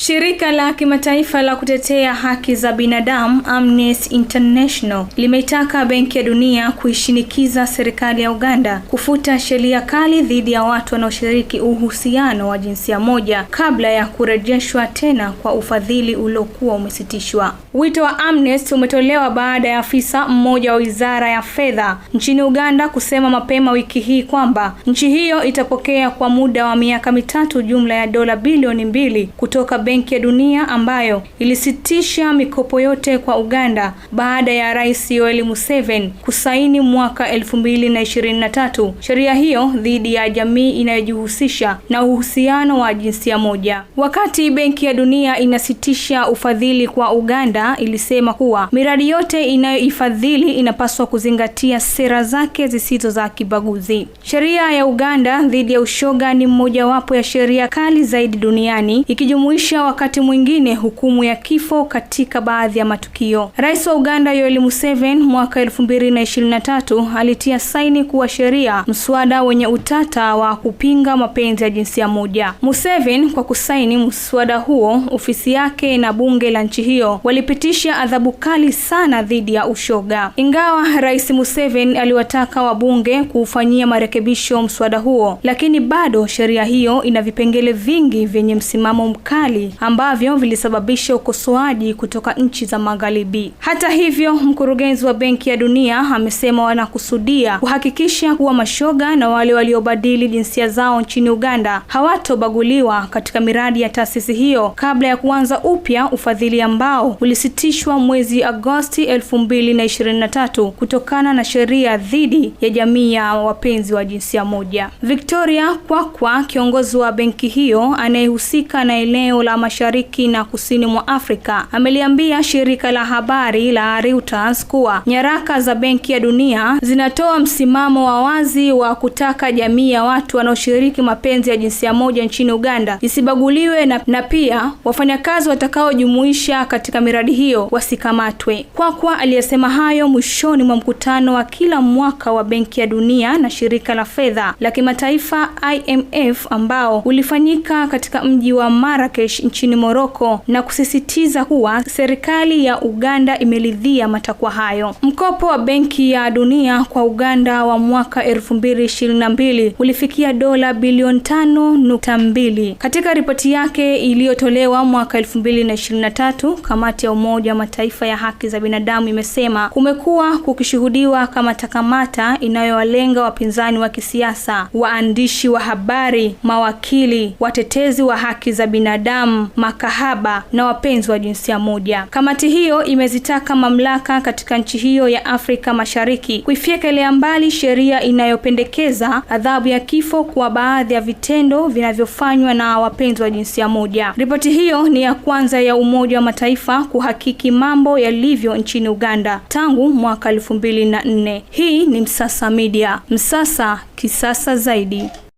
Shirika la kimataifa la kutetea haki za binadamu Amnesty International limeitaka Benki ya Dunia kuishinikiza serikali ya Uganda kufuta sheria kali dhidi ya watu wanaoshiriki uhusiano wa jinsia moja kabla ya kurejeshwa tena kwa ufadhili uliokuwa umesitishwa. Wito wa Amnesty umetolewa baada ya afisa mmoja wa Wizara ya Fedha nchini Uganda kusema mapema wiki hii kwamba nchi hiyo itapokea kwa muda wa miaka mitatu jumla ya dola bilioni mbili kutoka Benki ya Dunia ambayo ilisitisha mikopo yote kwa Uganda baada ya Rais Yoweri Museveni kusaini mwaka 2023 sheria hiyo dhidi ya jamii inayojihusisha na uhusiano wa jinsia moja. Wakati Benki ya Dunia inasitisha ufadhili kwa Uganda, ilisema kuwa miradi yote inayoifadhili inapaswa kuzingatia sera zake zisizo za kibaguzi. Sheria ya Uganda dhidi ya ushoga ni mmojawapo ya sheria kali zaidi duniani ikijumuisha wakati mwingine hukumu ya kifo katika baadhi ya matukio. Rais wa Uganda Yoweri Museveni mwaka 2023 alitia saini kuwa sheria mswada wenye utata wa kupinga mapenzi ya jinsia moja. Museveni kwa kusaini mswada huo, ofisi yake na bunge la nchi hiyo walipitisha adhabu kali sana dhidi ya ushoga. Ingawa Rais Museveni aliwataka wabunge kuufanyia marekebisho mswada huo, lakini bado sheria hiyo ina vipengele vingi vyenye msimamo mkali ambavyo vilisababisha ukosoaji kutoka nchi za magharibi. Hata hivyo, mkurugenzi wa Benki ya Dunia amesema wanakusudia kuhakikisha kuwa mashoga na wale waliobadili jinsia zao nchini Uganda hawatobaguliwa katika miradi ya taasisi hiyo kabla ya kuanza upya ufadhili ambao ulisitishwa mwezi Agosti 2023 kutokana na sheria dhidi ya jamii ya wapenzi wa jinsia moja. Victoria Kwakwa, kiongozi wa benki hiyo anayehusika na eneo la mashariki na kusini mwa Afrika ameliambia shirika la habari la Reuters kuwa nyaraka za Benki ya Dunia zinatoa msimamo wa wazi wa kutaka jamii ya watu wanaoshiriki mapenzi ya jinsia moja nchini Uganda isibaguliwe na, na pia wafanyakazi watakaojumuisha katika miradi hiyo wasikamatwe. Kwakwa aliyesema hayo mwishoni mwa mkutano wa kila mwaka wa Benki ya Dunia na shirika la fedha la kimataifa IMF ambao ulifanyika katika mji wa Marrakesh nchini Moroko na kusisitiza kuwa serikali ya Uganda imeridhia matakwa hayo. Mkopo wa Benki ya Dunia kwa Uganda wa mwaka 2022 ulifikia dola bilioni 5.2. Katika ripoti yake iliyotolewa mwaka 2023, kamati ya Umoja wa Mataifa ya haki za binadamu imesema kumekuwa kukishuhudiwa kamatakamata inayowalenga wapinzani wa kisiasa, waandishi wa habari, mawakili, watetezi wa haki za binadamu makahaba na wapenzi wa jinsia moja. Kamati hiyo imezitaka mamlaka katika nchi hiyo ya Afrika Mashariki kuifyekelea mbali sheria inayopendekeza adhabu ya kifo kwa baadhi ya vitendo vinavyofanywa na wapenzi wa jinsia moja. Ripoti hiyo ni ya kwanza ya Umoja wa Mataifa kuhakiki mambo yalivyo nchini Uganda tangu mwaka elfu mbili na nne. Hii ni Msasa Media. Msasa kisasa zaidi.